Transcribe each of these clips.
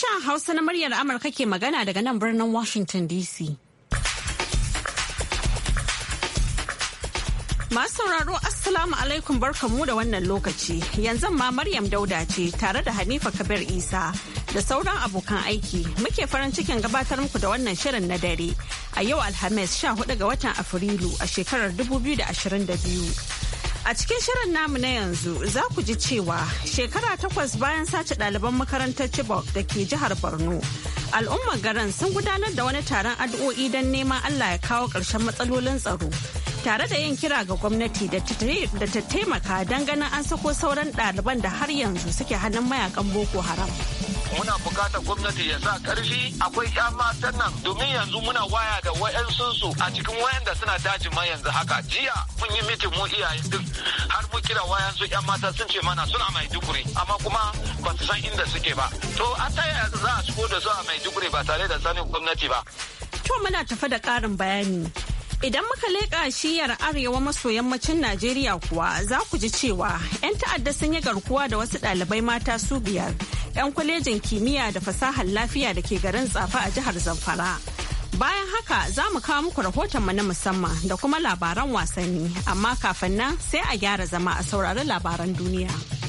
Sashen Hausa na muryar Amurka ke magana daga nan birnin Washington DC. Masu sauraro Assalamu alaikum barkamu da wannan lokaci. Yanzu ma Maryam Dauda ce tare da Hanifa Kabir Isa da sauran abokan aiki muke farin cikin gabatar muku da wannan shirin na dare a yau Alhamis 14 ga watan Afrilu a shekarar 2022. A cikin shirin namu na yanzu za ku ji cewa shekara takwas bayan sace ɗaliban makarantar Chibok da ke jihar Borno. Al'ummar garin sun gudanar da wani taron addu'o'i don neman Allah ya kawo ƙarshen matsalolin tsaro. Tare da yin kira ga gwamnati da ta taimaka don ganin an sako sauran ɗaliban da har yanzu suke hannun mayakan Boko Haram. muna bukatar gwamnati ya sa karfi akwai yan matan nan domin yanzu muna waya da su a cikin wayanda suna daji ma yanzu haka jiya mun yi mitin mu iyaye duk har mu kira wayansu yan mata sun ce mana suna mai dukuri amma kuma ba su san inda suke ba to a ta yaya za a shigo da su a mai dukuri ba tare da sanin gwamnati ba. To muna tafe da ƙarin bayani. Idan muka leƙa shiyar arewa maso yammacin Najeriya kuwa za ku ji cewa 'yan ta'adda sun yi garkuwa da wasu ɗalibai mata su biyar 'yan kwalejin kimiyya da fasahar lafiya da ke garin tsafa a jihar Zamfara. Bayan haka za mu kawo muku rahotonmu na musamman da kuma labaran wasanni amma kafin nan sai a gyara zama a saurari labaran duniya.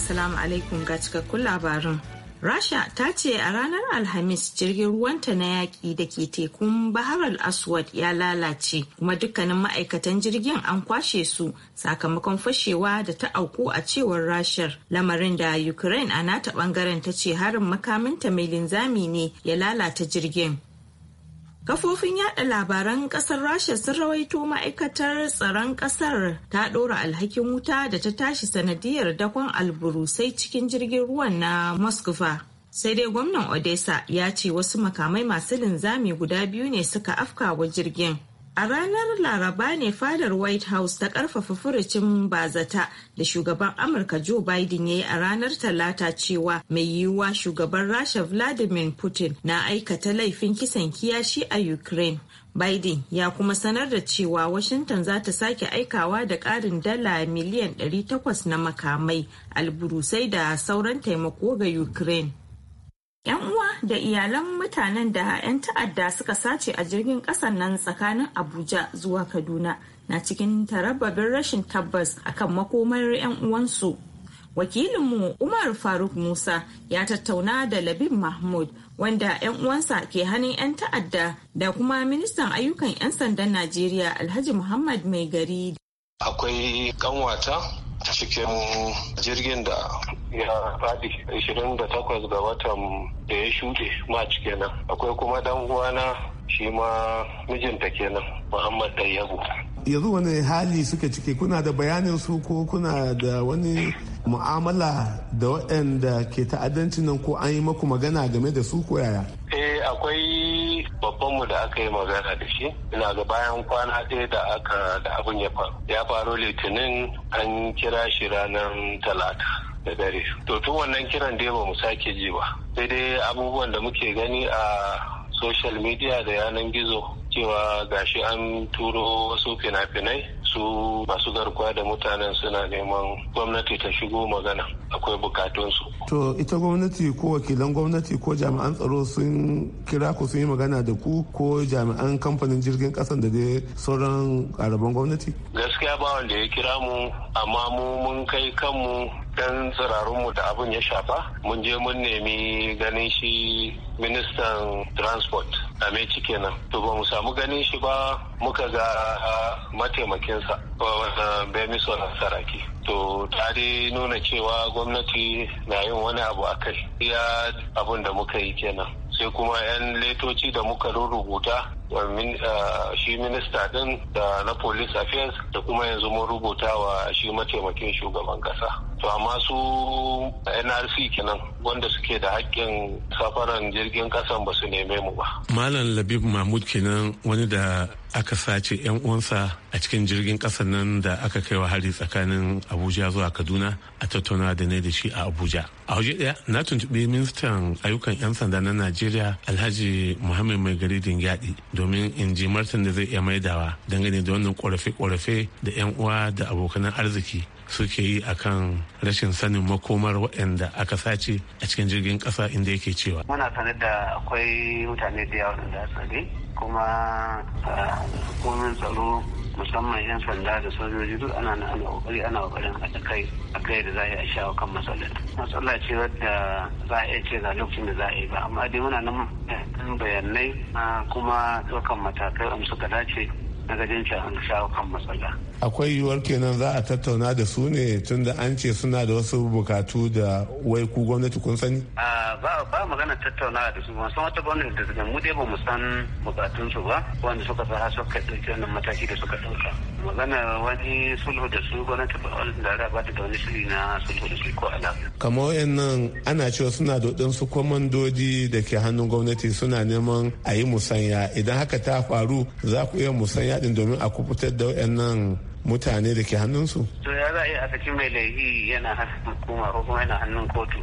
Assalamu alaikum ga cikakkun labarin. Rasha ta ce a ranar Alhamis jirgin ruwanta na yaƙi da ke tekun Bahar al-Aswad ya lalace kuma dukkanin ma'aikatan jirgin an kwashe su sakamakon fashewa da ta auku a cewar Rashar. Lamarin da Ukraine a nata ɓangaren ta ce harin makaminta mai linzami ne ya lalata jirgin. Kafofin yada labaran kasar Rasha sun rawaito ma'aikatar tsaron kasar ta ɗora alhakin wuta da ta tashi sanadiyar dakon alburusai cikin jirgin ruwan na Moskva. Sai dai gwamnan Odessa ya ce wasu makamai masu linzami guda biyu ne suka afka wa jirgin. A ranar Laraba ne fadar White House ta karfafa furucin bazata da shugaban Amurka Joe Biden ya yi a ranar Talata cewa mai yiwuwa shugaban Rasha Vladimir Putin na aikata laifin kisan kiyashi a Ukraine. Biden ya kuma sanar da cewa Washington za ta sake aikawa da ƙarin dala miliyan 800 na makamai, alburusai da sauran taimako ga Ukraine. 'Yan uwa da iyalan mutanen da 'yan ta'adda suka sace a jirgin ƙasan nan tsakanin Abuja zuwa Kaduna na cikin tarababin rashin tabbas akan makomar 'yan uwansu. Wakilinmu Umar Faruk Musa ya tattauna da Labib Mahmud wanda 'yan uwansa ke hannun 'yan ta'adda da kuma ministan ayyukan 'yan sandan Najeriya Alhaji Muhammad Mai Gari. Akwai kanwata cikin jirgin da ya faɗi 28 ga watan da ya shuɗe march kenan akwai kuma dan uwana shi ma mijinta kenan muhammad dayyabu yanzu wani hali suke cike kuna da bayanin su ko kuna da wani mu'amala da waɗanda ke ta'addancin nan ko an yi maku magana game da su ko yaya eh akwai babbanmu da aka yi magana da shi ina ga bayan kwana ɗaya da aka da abin ya faru ya faru litinin an kira shi ranar talata da dare to tun wannan kiran dai ba mu sake ji ba sai dai abubuwan da muke gani a social media da yanan gizo cewa gashi an turo wasu fina-finai su masu garkuwa da mutanen suna neman gwamnati ta shigo magana akwai bukatunsu. To ita gwamnati ko wakilan gwamnati ko jami'an tsaro sun kira ku sun yi magana da ku ko jami'an kamfanin jirgin kasan da dai sauran karaban gwamnati? Gaskiya ba wanda ya kira mu amma mu mun kai kanmu 'yan tsirarunmu da abin ya shafa mun je mun nemi ganin shi ministan transport a meci kenan to ba mu samu ganin shi ba muka ga mataimakinsa wanda bemiso na saraki to ta nuna cewa gwamnati na yin wani abu a kai iya abin da muka yi kenan sai kuma 'yan letoci da muka rubuta Uh, shi minista din da na police affairs da kuma yanzu mun rubuta wa shi mataimakin shugaban kasa to amma su uh, nrc kenan wanda suke da hakkin safaran jirgin kasan ba su neme mu ba malam labib mahmud kenan wani da aka sace yan uwansa a cikin jirgin kasan nan da aka kai wa hari tsakanin abuja zuwa kaduna a tattauna da ne da shi a abuja a waje daya na tuntuɓi ministan ayyukan yan sanda na najeriya alhaji muhammad mai gari dingyadi domin in ji martan da zai iya maidawa dangane da wannan ƙorafe-ƙorafe da 'yan uwa da abokan arziki suke yi akan rashin sanin makomar waɗanda aka sace a cikin jirgin ƙasa inda yake cewa. Muna sanar da akwai mutane da yawa da tsare kuma hukumomin tsaro musamman 'yan sanda da sojoji duk ana ana kokari ana kokarin a kai a kai da za a yi a kan matsalar matsala ce wadda za a iya ce ga lokacin da za a yi ba amma dai muna nan eh, bayanai kuma ɗaukan matakai wanda suka dace na gajin shawo kan matsala. Akwai yiwuwar kenan za a tattauna da su ne tun da an ce suna da wasu bukatu da wai ku gwamnati kun sani? Ba magana tattauna da su ban san wata gwamnati da su mu dai ba mu san bukatunsu ba wanda suka fara suka ɗauki wannan mataki da suka ɗauka. magana wani sulhu da su gwamnati da ba da wani shiri na sulhu da su ko alaƙa. kamar nan ana cewa suna da su komandodi da ke hannun gwamnati suna neman a yi musanya idan haka ta faru za ku iya musanya din domin a kubutar da nan mutane da ke hannunsu. to ya za a yi a saki mai laifi yana hannun hukuma ko kuma yana hannun kotu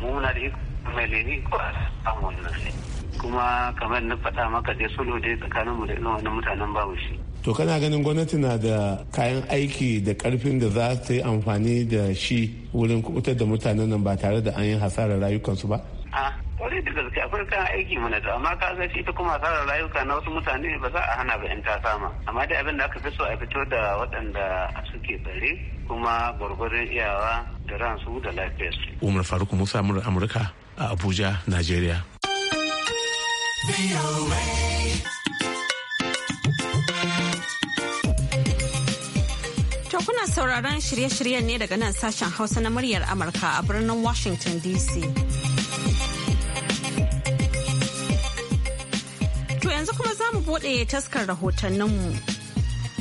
mu muna da ikon mai laifi ko a samun wannan kuma kamar na faɗa maka dai sulhu dai tsakaninmu da ina wani mutanen babu shi. to kana ganin gwamnati na da kayan aiki da karfin da za ta yi amfani da shi wurin kubutar da mutanen nan ba tare da an yi hasarar rayukansu ba a kwarai da gaske akwai kayan aiki mana da amma ka shi ta kuma hasarar rayuka na wasu mutane ba za a hana ba in ta sama amma dai abin da aka fi so a fito da waɗanda suke bare kuma gwargwarin iyawa da ransu da lafiyarsu umar faruk musa amurka a abuja nigeria To kuna sauraron shirye-shiryen ne daga nan sashen Hausa na muryar Amurka a birnin Washington DC. To yanzu kuma za mu buɗe taskar rahotanninmu.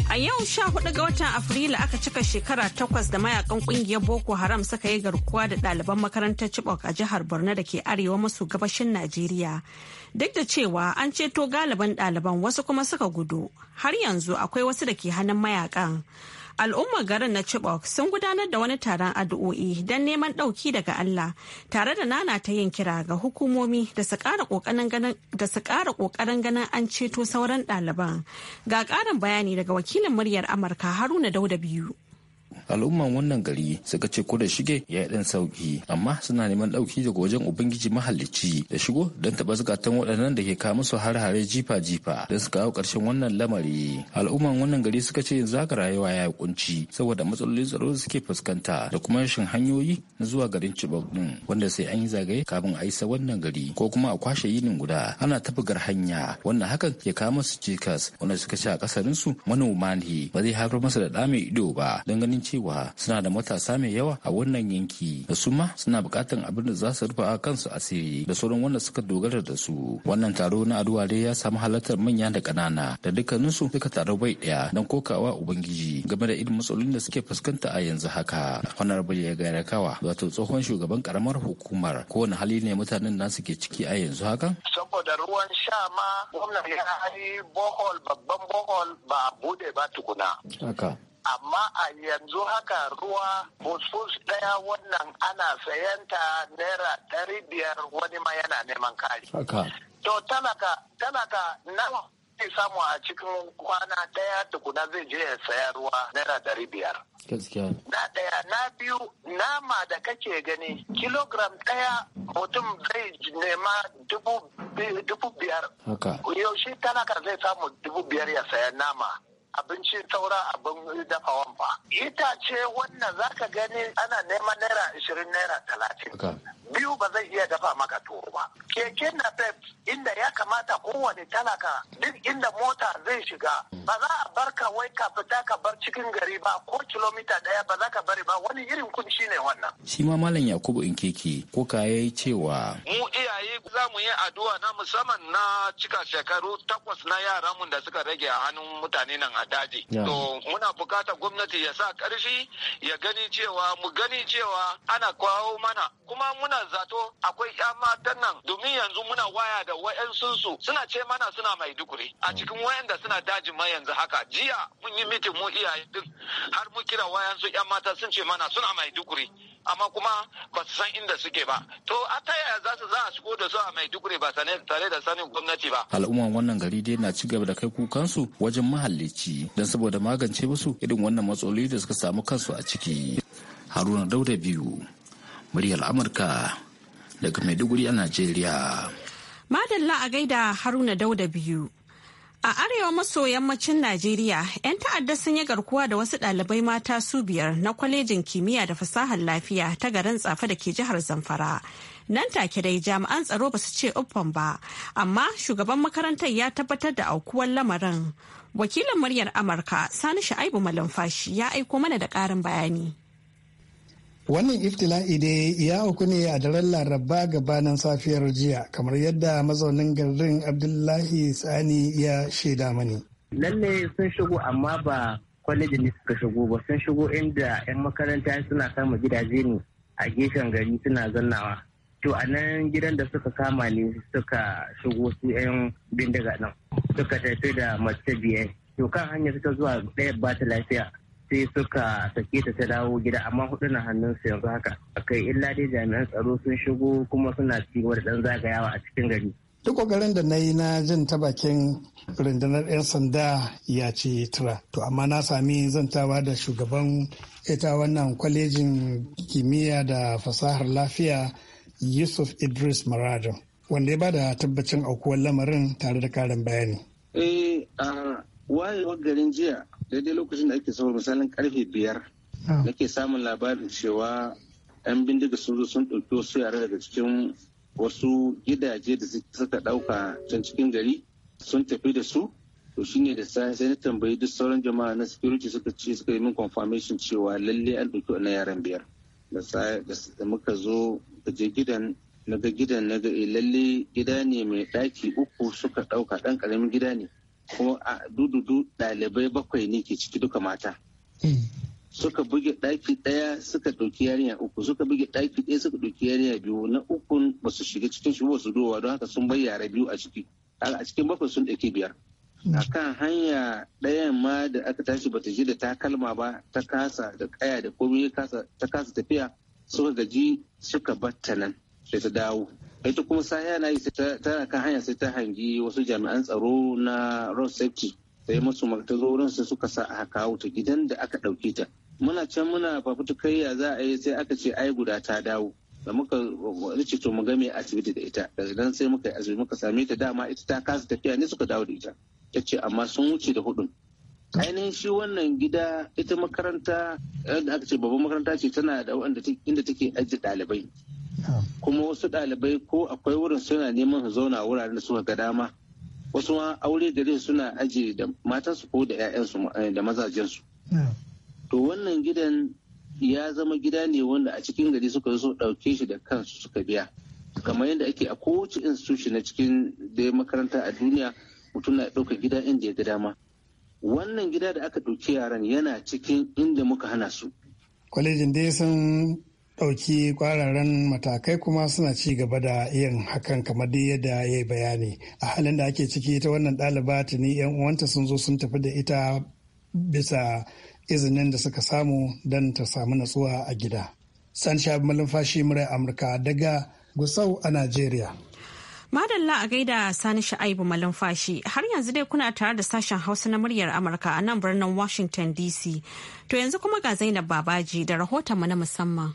A yau sha hudu ga watan Afrilu aka cika shekara takwas da mayakan kungiyar Boko Haram suka yi garkuwa da ɗaliban makarantar Chibok a jihar Borno da ke arewa maso gabashin Najeriya. Duk da cewa an ceto galibin ɗaliban wasu kuma suka gudu, har yanzu akwai wasu da ke hannun mayakan. al'ummar garin na Chibok sun gudanar da wani taron addu'o'i don neman ɗauki daga Allah tare da nana ta yin kira ga hukumomi da su ƙara ƙoƙarin ganin an ceto sauran ɗaliban. Ga ƙarin bayani daga wakilin muryar Amurka Haruna Dauda biyu. al'umman wannan gari suka ce ko da shige ya yi ɗan sauki amma suna neman ɗauki daga wajen ubangiji mahallici da shigo don taɓa zukatan waɗannan da ke kawo musu har-hare jifa-jifa don su kawo ƙarshen wannan lamari al'umman wannan gari suka ce yanzu haka rayuwa ya kunci saboda matsalolin tsaro da suke fuskanta da kuma rashin hanyoyi na zuwa garin Chibok din wanda sai an yi zagaye kafin a isa wannan gari ko kuma a kwashe yinin guda ana gar hanya wannan hakan ke kawo musu cikas wanda suka ce a ƙasarinsu manoma ne ba zai haifar masa da ɗa mai ido ba don ganin ce cewa suna da matasa mai yawa a wannan yanki da su ma suna bukatan abin da za su rufa a kansu asiri da sauran wanda suka dogara da su wannan taro na addu'a dai ya samu halartar manya da ƙanana da dukkaninsu suka taro bai daya don kokawa ubangiji game da irin matsalolin da suke fuskanta a yanzu haka honorable ya gaira kawa wato tsohon shugaban karamar hukumar kowane hali ne mutanen nasu suke ciki a yanzu haka saboda ruwan sha ma gwamnati ya yi bohol babban bohol ba bude ba tukuna haka amma a yanzu haka ruwa busbus ɗaya wannan ana sayanta naira ɗari biyar wani ma yana neman kari. To talaka talaka nawa zai samu a cikin kwana ɗaya tukuna zai je ya saya ruwa naira ɗari biyar. Na ɗaya na biyu nama da kake gani kilogram ɗaya mutum zai nema dubu biyar. Yaushe talaka zai samu dubu biyar ya saya nama. abinci saura abin dafawan ba ce wannan zaka gani ana neman naira ishirin naira talatin biyu ba zai iya dafa maka tuwo ba keke na pep inda ya kamata kowane talaka duk inda mota zai shiga ba za a bar ka wai ka fita ka bar cikin gari ba ko kilomita daya ba za ka bari ba wani irin kunci ne wannan shi ma malam yakubu keke ko ka yi cewa mu iyaye za mu yi addu'a na musamman na cika shekaru takwas na yaran mu da suka rage a hannun mutane nan a daji to muna bukatar gwamnati ya sa karfi ya gani cewa mu gani cewa ana kawo mana kuma muna zato akwai ya matan nan domin yanzu muna waya da wayansu su suna ce mana suna mai dukuri a cikin wayanda suna dajin ma yanzu haka jiya mun yi mitin mu iyaye duk har mu kira wayansu yan mata sun ce mana suna mai dukuri amma kuma ba su san inda suke ba to a ta yaya za su za a shigo da su a maiduguri ba tare da sanin gwamnati ba al'umman wannan gari dai na cigaba da kai kukansu wajen mahallici don saboda magance musu irin wannan matsaloli da suka samu kansu a ciki haruna dauda biyu muryar amurka daga maiduguri a najeriya madalla a gaida haruna dauda biyu A arewa maso yammacin Najeriya, 'yan ta'adda sun yi garkuwa da wasu ɗalibai mata su biyar na kwalejin kimiyya da fasahar lafiya ta garin tsafa da ke jihar Zamfara. Nan take dai jami'an tsaro ba su ce uffan ba, amma shugaban makarantar ya tabbatar da aukuwar lamarin. Wakilin muryar Amurka, Sani Sha'ibu Malumfashi ya aiko mana da ƙarin bayani. Wannan iftila'i dai ya uku ne a daren laraba gabanin safiyar jiya kamar yadda mazaunin garin Abdullahi Sani ya shaida mani. Lalle sun shigo amma ba kwalejin ne suka shigo ba sun shigo inda 'yan makaranta suna kama gidaje ne a gefen gari suna zannawa. To a nan gidan da suka kama ne suka shigo su 'yan bindiga nan suka tafi da mace biyar. To kan hanyar suka zuwa ɗaya ba ta lafiya sai suka sake ta ta dawo gida amma hudu na hannun su yanzu haka akai illa dai jami'an tsaro sun shigo kuma suna ci gaba da dan zagayawa a cikin gari duk kokarin da na yi na jin ta bakin rundunar 'yan sanda ya ce tura to amma na sami zantawa da shugaban ita wannan kwalejin kimiyya da fasahar lafiya yusuf idris marado wanda ya bada tabbacin aukuwar lamarin tare da karin bayani eh a wayewar garin jiya daidai lokacin da ake sahur misalin karfe biyar ah. nake samun labarin cewa yan bindiga sun zo sun ɗauki wasu yare daga cikin wasu gidaje da suka ɗauka can cikin gari sun tafi da su to shine da sai sai na tambayi duk sauran jama'a na security suka ce suka yi min confirmation cewa lalle an ɗauki wannan yaran biyar da muka zo da je gidan na ga gidan na ga eh lalle gida ne mai ɗaki uku suka ɗauka ɗan ƙaramin gida ne kuma a dududu dalibai bakwai ne ke ciki duka mata mm. suka buge ɗaki ɗaya suka ɗauki yarinya uku suka buge ɗaki ɗaya suka ɗauki yarinya biyu na ukun ba su shiga cikin shi ba su don haka sun bai yara biyu a ciki a cikin bakwai sun ɗauki biyar a mm. kan hanya ɗayan ma da aka tashi bata ji da takalma ba ta kasa da kaya da komai ta kasa tafiya suka gaji suka batta nan sai ta dawo ita kuma sai na yi tana kan hanya sai ta hangi wasu jami'an tsaro na road safety sai masu ta zo wurin suka sa a kawo ta gidan da aka ɗauke ta muna can muna fafutukaiya za a yi sai aka ce ai guda ta dawo da muka rice to mu game asibiti da ita da idan sai muka yi asibiti muka same ta dama ita ta kasa tafiya ne suka dawo da ita ta ce amma sun wuce da hudun ainihin shi wannan gida ita makaranta da aka ce babban makaranta ce tana da wanda inda take ajiye ɗalibai kuma wasu ɗalibai ko akwai wurin suna neman su zauna wuraren da suka ga dama wasu ma aure da rai suna aji da matansu ko da 'ya'yansu eh, da mazajensu to wannan gidan ya zama gida ne wanda a cikin gari suka zo ɗauke shi da kansu suka biya kamar yadda ake a kowace institution na cikin da makaranta a duniya mutum na ɗauka gida inda ya ga dama wannan gida da aka ɗauki yaran yana cikin inda muka hana su kwalejin da ya san ɗauki kwararren matakai kuma suna ci gaba da yin hakan kamar dai yadda ya yi bayani a halin da ake ciki ta wannan ɗaliba tuni yan uwanta sun zo sun tafi da ita bisa izinin da suka samu don ta samu natsuwa a gida san sha malumfashi murai amurka daga gusau a nigeria. Madalla a gaida Sani Sha'aibu Malumfashi har yanzu dai kuna tare da sashen Hausa na muryar Amurka a nan birnin Washington DC. To yanzu kuma ga Zainab Babaji da rahotonmu na musamman.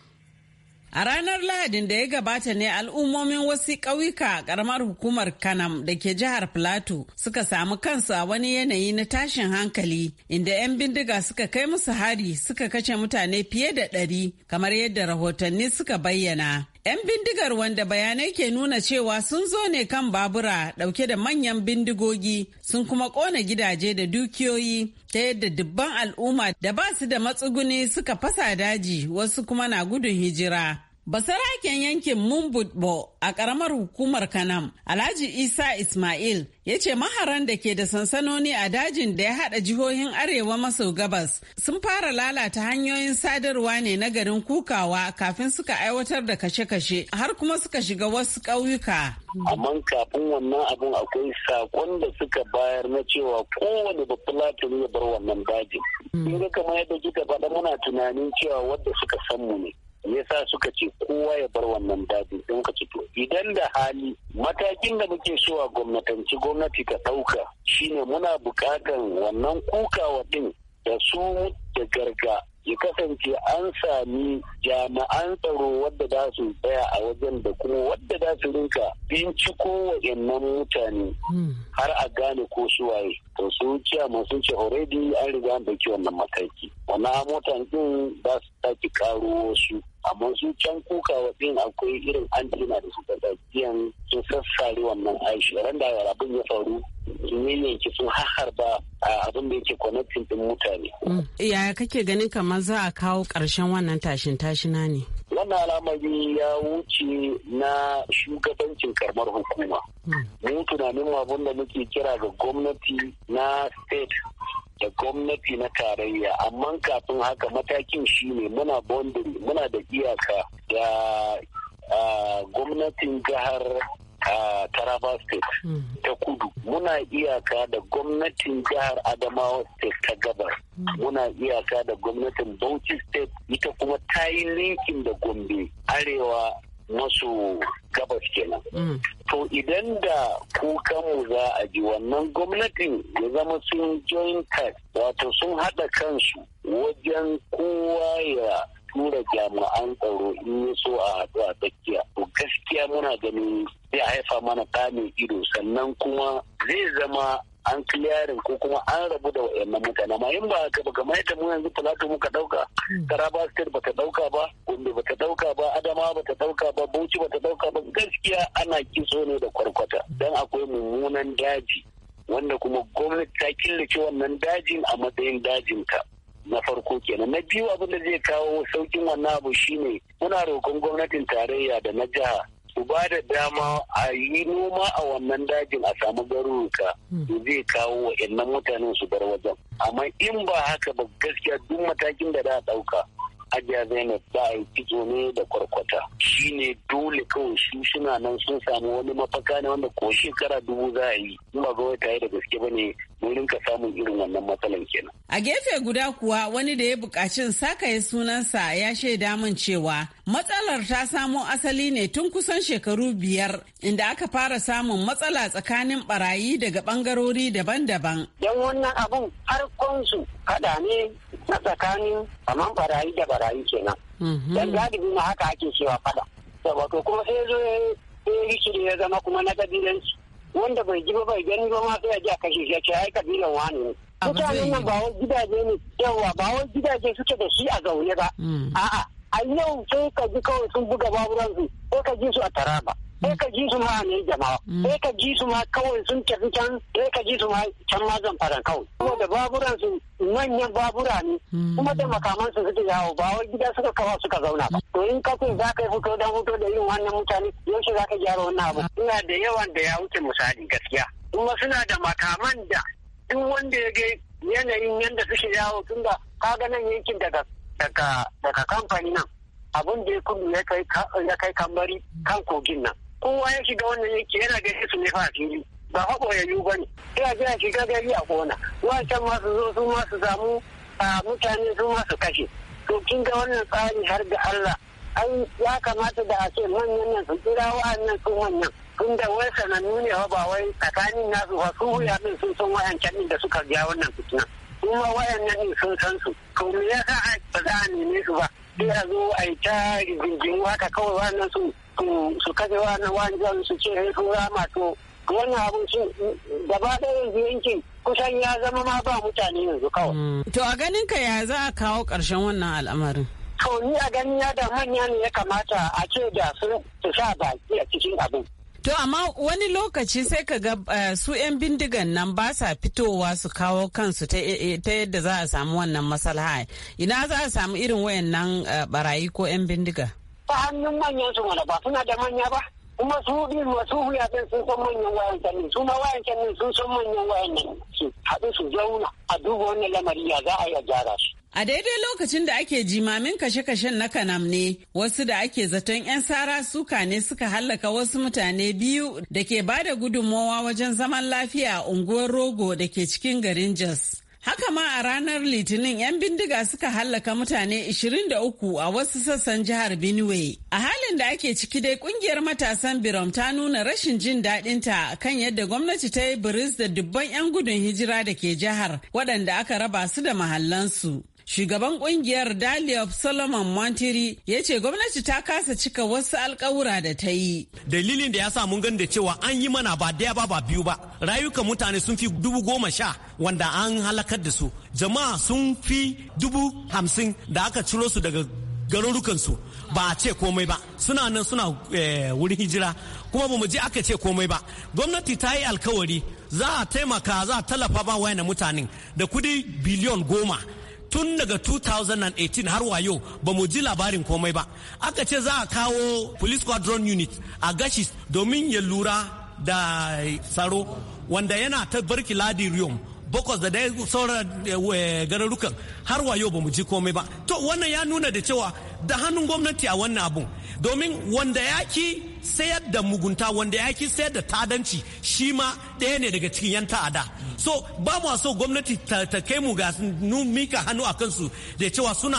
A ranar Lahadin da ya gabata ne al'ummomin wasu ƙauyuka a ƙaramar hukumar Kanam da ke jihar Plateau suka samu kansu a wani yanayi na tashin hankali inda 'yan bindiga suka kai musu hari suka kace mutane fiye da ɗari kamar yadda rahotanni suka bayyana. 'Yan bindigar wanda bayanai ke nuna cewa sun zo ne kan babura dauke da manyan bindigogi sun kuma kona gidaje da dukiyoyi ta yadda dubban al'umma da ba su da matsuguni suka fasa daji wasu kuma na gudun hijira. Basaraken yankin Mumbutbo a karamar hukumar Kanam, Alhaji Isa Ismail ya ce maharan da ke da sansanoni a dajin da ya haɗa jihohin Arewa maso gabas sun fara lalata hanyoyin sadarwa ne na garin kukawa kafin suka aiwatar da kashe-kashe har kuma suka shiga wasu ƙauyuka. Amma kafin wannan abin akwai sakon da suka bayar na cewa kowane bafulatani ya bar wannan dajin. Kin hmm. ga kamar yadda kika faɗa muna tunanin cewa wadda suka san mu ne. yasa suka ce kowa ya bar wannan daji don ka ci to idan da hali matakin da muke so a gwamnatanci gwamnati ta ɗauka shine muna buƙatan wannan kukawa ɗin da su da garga ya kasance an sami jami'an tsaro wadda za su tsaya a wajen da kuma wadda za su rinka binciko wa'annan mutane hmm. har a gane ko su waye to su ciya masu ce already an riga an dauki wannan mataki wani motan din ba su taki karo wasu amma su can kuka din akwai irin antina da suka ɗaukiyan su sassare wannan aishi ran da abin ya faru sun yanki sun harba abin da yake connecting din mutane. Mm. Yaya kake ganin kamar za a kawo karshen wannan tashin tashina ne? Wannan alamari ya wuce na shugabancin karamar hukuma. Mun tunanin abin da muke kira ga gwamnati na state da gwamnati na tarayya amma kafin haka matakin shi ne muna bondiri muna da iyaka da gwamnatin jihar taraba state ta kudu muna iyaka da gwamnatin jihar adamawa state ta gabar muna iyaka da gwamnatin bauchi state ita kuma ta yi linkin da gombe arewa masu gabas kenan. Mm. To idan da kukanmu za a ji wannan gwamnatin ya zama sun join tax wato sun haɗa kansu wajen kowa ya tura jami'an tsaro in ya so a haɗu a tsakiya. To gaskiya muna ganin zai haifa mana kamin ido sannan kuma zai zama an kliyarin ko kuma an rabu da wayannan mutane amma in ba haka ba kamar yadda mu yanzu talatu muka dauka hmm. Taraba State bata dauka ba Gombe ta dauka ba Adama ba ta dauka ba Bauchi ba ta dauka ba gaskiya ana kiso ne da kwarkwata dan akwai mummunan daji wanda kuma gwamnati ta killace wannan dajin a matsayin dajin ka. na farko kenan na biyu abin da zai kawo saukin wannan abu shine muna roƙon gwamnatin tarayya da na jiha su ba da dama a yi noma a wannan dajin a samu garuruka hmm. da zai kawo wa'annan mutanen su bar wajen amma in ba haka ba gaskiya duk matakin da za a ɗauka Hajiya Zainab ba a yi kitso ne da kwarkwata shi ne dole kawai su suna nan sun samu wani mafaka ne wanda ko shekara dubu za a yi in ba ta yi da gaske ba ne mun ka samun irin wannan matsalan kenan. A gefe guda kuwa wani da ya buƙaci sakaye sunansa ya shaida min cewa matsalar ta samo asali ne tun kusan shekaru biyar inda aka fara samun matsala tsakanin barayi daga bangarori daban-daban. Don wannan abun farkon su hada ne na tsakanin kamar barayi da barayi kenan. Mhm. Don galibi ma haka ake cewa fada. Wato kuma sai zo ya yi ya zama kuma na kabilanci. wanda bai ji ba bai gani ba ma sai a kashe shi ce ai kabilan wani ne mutanen nan ba wai gidaje ne yawa ba wai gidaje suke da shi a zaune ba hmm. a'a a yau sai ka ji kawai sun buga baburansu ko ka ji su a taraba sai ka ji su ma ne jama'a mm. sai ka ji su ma kawai sun tafi can sai ka ji su ma can ma zan fara kawai kuma da baburan su manyan babura ne mm. kuma da makaman su suke yawo ba wai gida suka kawo suka zauna ba to in ka za ka yi fito dan hoto da irin wannan mutane yaushe za ka gyara wannan abu mm. ina da yawan da ya wuce misali gaskiya kuma suna da makaman da duk wanda ya ga yanayin yadda suke yawo tun da ga nan yankin daga daga daga kamfani nan abun da ya kudu ya kai kambari kan kogin nan kowa ya shiga wannan yanki yana ganin su ne fa fili ba ya yi ba ne ina jiran shiga gari a kona wancan masu zo su masu samu mutane su masu kashe to kin ga wannan tsari har da Allah an ya kamata da a ce manyan nan su kira wa'annan su manyan tun da wai sanannu ne ba wai tsakanin nasu ba su huya min sun san wayancan din da suka biya wannan fitina kuma wayannan ne sun san su to me yasa ba za a neme su ba sai a zo a yi ta rigingimu haka kawai wannan su su kafe wani wani su ce tura mato wannan abincin gaba ɗaya yankin kusan ya zama ma ba mutane yanzu kawai. Hmm. To a ganin ka ya za a kawo ƙarshen wannan al'amarin? To ni a ganin ya da manya ne ya kamata a ce da su sa baki a cikin abin. To amma wani lokaci sai ka ga eh, su 'yan bindigan nan ba sa fitowa su kawo kansu ta eh, eh, yadda za a samu wannan masalaha. Ina za a samu irin wayannan barayi ko 'yan bindiga? ta hannun manyan su mana ba suna da manya ba kuma su din wasu huyaɗin sun san manyan wayan kyanin su ma wayan kyanin sun san manyan wayan nan su haɗu su zauna a duba wannan lamari ya za a iya gyara su. A daidai lokacin da ake jimamin kashe-kashen na kanam ne, wasu da ake zaton 'yan sara suka ne suka hallaka wasu mutane biyu da ke ba da gudunmowa wajen zaman lafiya a unguwar Rogo da ke cikin garin Jos. Haka ma a ranar Litinin 'yan bindiga suka hallaka mutane 23 a wasu sassan jihar Benue. A halin da ake ciki dai kungiyar matasan Biram ta nuna rashin jin daɗinta kan yadda gwamnati ta yi biris da dubban 'yan gudun hijira da ke jihar waɗanda aka raba su da mahallansu. Shugaban kungiyar of Solomon Montiri ya ce gwamnati ta kasa cika wasu alkawura da ta yi. Dalilin da ya sa mun gani da cewa an yi mana ba daya ba ba biyu ba. Rayukan mutane sun fi dubu goma sha wanda an halakar da su. Jama'a sun fi dubu hamsin da aka ciro su daga garurukansu ba a ce komai ba suna nan suna eh, wurin hijira kuma ba mu je aka ce komai ba gwamnati ta yi alkawari za a taimaka za a tallafa ba wayan mutanen da kudi biliyon goma tun daga 2018 har wayo ba mu ji labarin komai ba aka ce za a kawo police squadron unit a gashis domin ya lura da tsaro wanda yana ta barki Ladi riyom bakwas da dai sauran eh, eh, garurukan har wayo ba mu ji komai ba to wannan ya nuna da cewa da hannun gwamnati a wannan abun domin wanda ya ki sayar da mugunta wanda ya ki sayar da tadanci shi ma ɗaya ne daga cikin yan ta'ada so ba mu so gwamnati ta kai mu ga mika hannu a kansu da cewa suna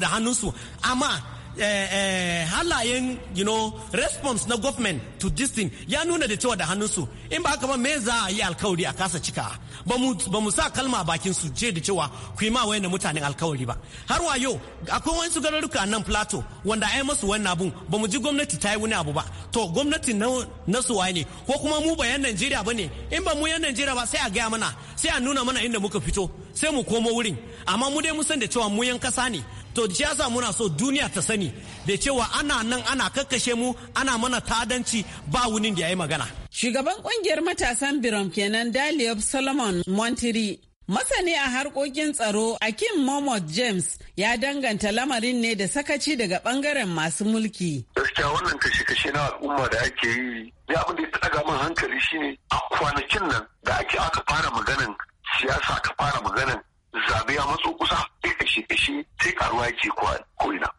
da hannunsu amma Eh, eh, halayen you know response na government to this thing ya nuna da cewa da hannunsu in ba haka ba me za a yi alkawari a kasa cika ba mu sa kalma a bakin su je da cewa ku yi ma wayan mutanen alkawari ba har wa yau akwai wani wasu garuruka nan plato wanda ai masu wani abun ba mu ji gwamnati ta yi wani abu ba to gwamnati na su ne ko kuma mu ba yan Najeriya ba ne in ba mu yan Najeriya ba sai a gaya mana sai a nuna mana inda muka fito sai mu komo wurin amma mu dai mu san da cewa mu yan kasa ne to siyasa muna so duniya ta sani da cewa ana nan ana kakkashe mu ana mana tadanci ba wunin da ya yi magana. Shugaban kungiyar matasan Birom kenan Daliop Solomon Montiri. Masani a harkokin tsaro Akim Momot James ya danganta lamarin ne da sakaci daga bangaren masu mulki. Gaskiya wannan kashe-kashe na al'umma da ake yi ya abin da ya taga min hankali shine a kwanakin nan da ake aka fara maganan siyasa aka fara maganan zabe ya matso kusa sai kashe kashe sai karuwa yake ko koina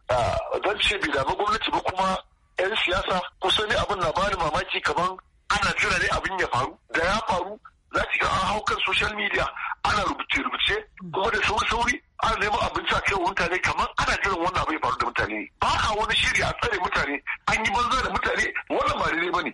zan ce bai zabe gwamnati ba kuma yan siyasa kusan ne abin na bani mamaki kaman ana jira ne abin ya faru da ya faru za ki an hau kan social media ana rubuce-rubuce kuma da sauri-sauri ana neman abinci a kai wa mutane kamar ana jiran wannan abin ya faru da mutane ba a wani shiri a tsare mutane an yi banza da mutane wannan ba daidai ba ne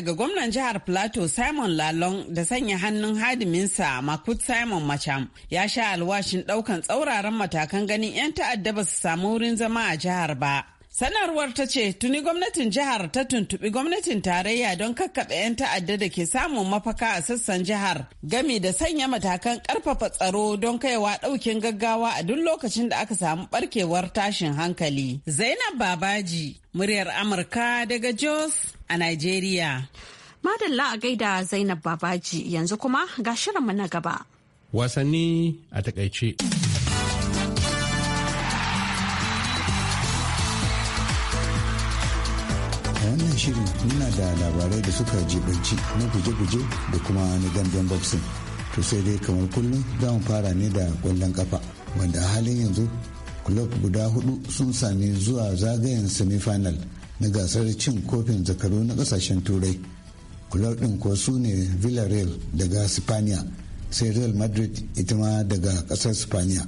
daga gwamnan jihar Plateau Simon Lalong da sanya hannun hadiminsa Makut Simon Macham ya sha alwashin daukan tsauraran matakan ganin 'yan ta'adda ba su samu wurin zama a jihar ba. Sanarwar ta ce tuni gwamnatin jihar ta tuntuɓi gwamnatin tarayya don kakkaɓe 'yan ta'adda da ke samun mafaka a sassan jihar gami da sanya matakan ƙarfafa tsaro don kaiwa ɗaukin gaggawa a duk lokacin da aka samu ɓarkewar tashin hankali. Zainab Babaji, muryar Amurka daga Jos a Najeriya. Madalla a gaida Zainab Babaji yanzu kuma ga shirinmu na gaba. Wasanni a takaice. wannan shirin muna da labarai da suka jibanci na guje-guje da kuma na gandun boxing to sai dai kamar kullum za mu fara ne da kwallon kafa wanda a halin yanzu kulob guda hudu sun sami zuwa zagayen semifinal final na gasar cin kofin zakaru na kasashen turai kular din ko su ne villarreal daga spaniya sai real madrid ita ma daga kasar spaniya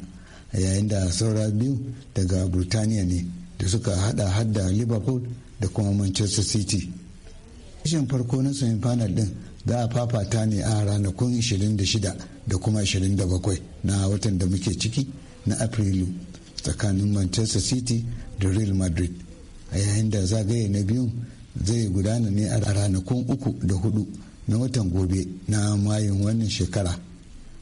yayin da saura biyu daga burtaniya ne da suka hada hadda liverpool da kuma manchester city rashin farko na semifinal din za a fafata ne a ranakun 26 da kuma 27 na watan da muke ciki na afrilu tsakanin manchester city da real madrid a yayin da zagaye na biyu zai gudana ne a ranakun uku da hudu na watan gobe na mayun wannan shekara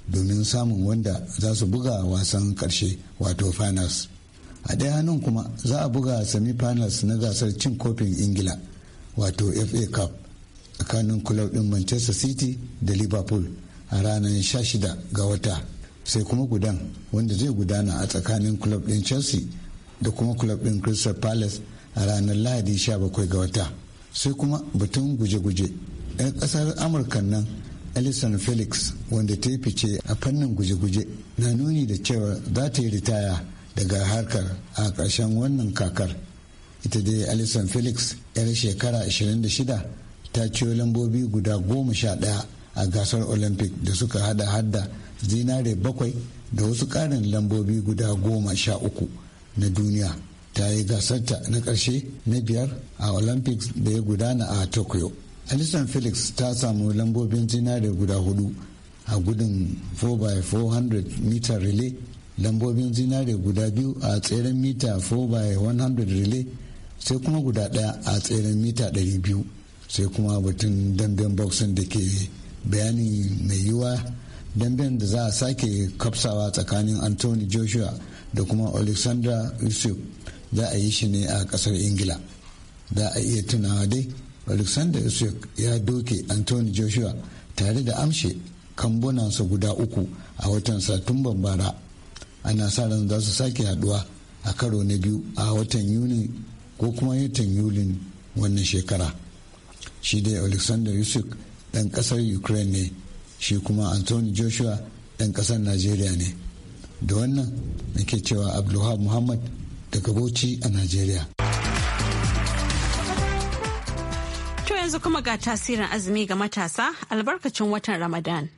domin samun wanda za su buga wasan karshe wato finals a ɗaya hannun kuma za a buga semi finals na gasar cin kofin ingila wato fa cup tsakanin kulob din manchester city da liverpool a ranar 16 ga wata sai kuma gudan wanda zai gudana a tsakanin kulob din chelsea da kuma kulob din crystal palace a ranar lahadi 17 ga wata sai kuma batun guje-guje 'yan kasar amurka nan alison felix wanda ta yi fice a fannin guje-guje na nuni da cewa za ta yi ritaya daga harkar a ƙarshen wannan kakar ita dai alison felix 'yar shekara 26 ta ciyo lambobi guda 11 a gasar olympic da suka hada hada zinare bakwai da wasu ƙarin lambobi guda goma sha uku na duniya ta yi gasarta na ƙarshe na biyar a olympics da ya gudana a tokyo alison felix ta samu lambobin zinare guda hudu a gudun 4x400 meter relay lambobin zinare guda biyu a tseren mita 4x100 relay sai kuma guda daya a tseren mita 200 sai kuma batun damben boxing da ke bayani mai yiwa damben da za a sake kafsawa tsakanin anthony joshua da kuma alexander usyk za a yi shi ne a kasar ingila za a iya tunawa dai alexander usyk ya doke anthony joshua tare da amshe kambunansa guda uku a watan satumban bara ana sa ran za su sake haduwa a karo na biyu a watan yuni ko kuma watan yulin wannan shekara shi dai alexander yusuf dan kasar ukraine ne shi kuma anthony joshua dan kasar nigeria ne da wannan nake cewa abdulhab muhammad daga Bauchi a Najeriya. To yanzu kuma ga tasirin azumi ga matasa albarkacin watan Ramadan.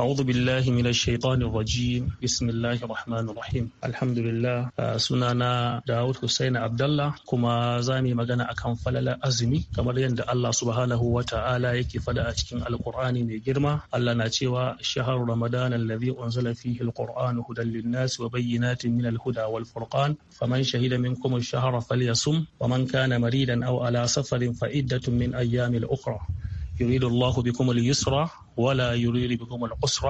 أعوذ بالله من الشيطان الرجيم بسم الله الرحمن الرحيم الحمد لله سنانا داود حسين عبد الله كما زامي مغانا أكام فلل أزمي كما يند الله سبحانه وتعالى يكي فدا أتكين القرآن من جرمة الله ناتيوا شهر رمضان الذي أنزل فيه القرآن هدى للناس وبينات من الهدى والفرقان فمن شهد منكم الشهر فليصم ومن كان مريدا أو على سفر فعدة من أيام الأخرى يريد الله بكم اليسر ولا يريد بكم العسر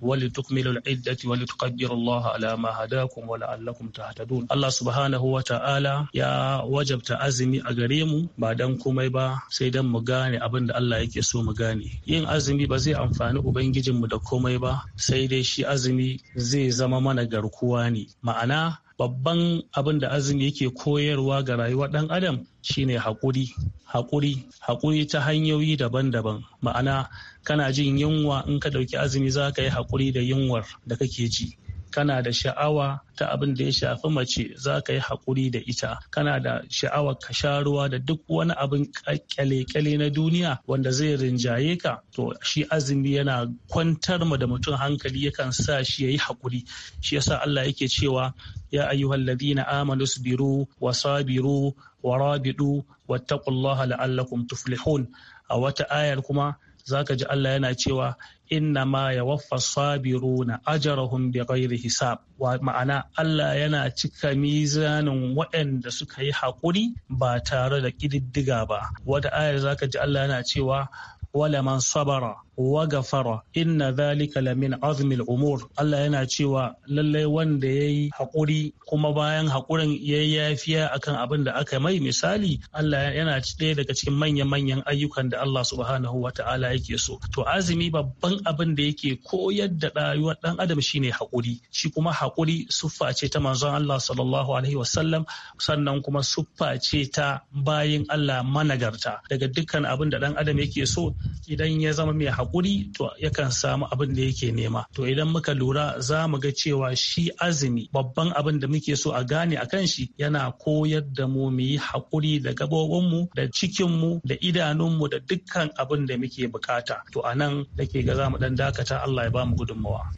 ولتكملوا العدة ولتقدروا الله على ما هداكم ولعلكم تهتدون الله سبحانه وتعالى يا وجبت أزمي أغريمو بعدن كومي با سيدن مغاني أبن الله يكي سو مغاني ين أزمي بزي أنفاني أبنجي مدى كومي با سيدي شي أزمي زي زمامان غركواني معنا babban abin da azumi yake koyarwa ga rayuwar dan adam shine haƙuri haƙuri haƙuri ta hanyoyi daban-daban ma'ana kana jin yunwa in ka ɗauki azumi za ka yi haƙuri da yunwar da kake ji kana da sha'awa ta abin da ya shafi mace za ka yi haƙuri da ita kana da sha'awar ka sha ruwa da duk wani abin kyale-kyale na duniya wanda zai rinjaye ka to shi azumi yana kwantar mu da mutum hankali yakan sa shi ya yi haƙuri shi yasa Allah yake cewa ya ayyuhal ladina amanu sabiru wa sabiru wa rabidu wattaqullaha la'allakum tuflihun a wata ayar kuma zaka ji Allah yana cewa inna ma ya waffa sabiruna ajarahum bi ghairi hisab wa ma'ana Allah yana cika mizanin waɗanda suka yi haƙuri ba tare da ƙididdiga ba wata ayar zaka ji Allah yana cewa wala man sabara wa gafara inna zalika lamin azmil umur Allah yana cewa lallai wanda yayi hakuri kuma bayan hakurin yayi yafiya akan abin da aka mai misali Allah yana ɗaya daga cikin manya manyan ayyukan da Allah subhanahu wa ta'ala yake so to azumi babban abin da yake koyar da rayuwar ɗan adam shine hakuri shi kuma hakuri suffa ce ta manzon Allah sallallahu alaihi wasallam sannan kuma suffa ce ta bayin Allah managarta daga dukkan abin da ɗan adam yake so idan ya zama mai haƙuri to yakan samu abin da yake nema to idan muka lura za mu ga cewa shi azumi babban abin da muke so a gane a kan shi yana koyar da mu mu yi haƙuri da mu da cikinmu da idanunmu da dukkan abin da muke bukata to a nan da ke ga za mu ɗan dakata Allah ya ba mu gudunmawa.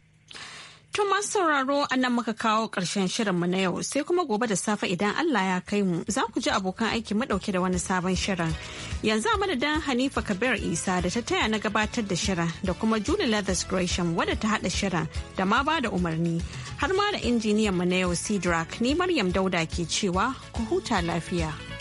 To masu sauraro a nan muka kawo ƙarshen shirinmu na yau sai kuma gobe da safe idan Allah ya kai mu za ku ji abokan aiki madauke da wani sabon shirin. Yanzu a madadin Hanifa Kabir Isa da ta taya na gabatar da shirin da kuma Julie Leathers Gresham wadda ta haɗa shirin da ma ba da umarni har ma da injiniyan mu na yau Sidrak ni Maryam Dauda ke cewa ku huta lafiya.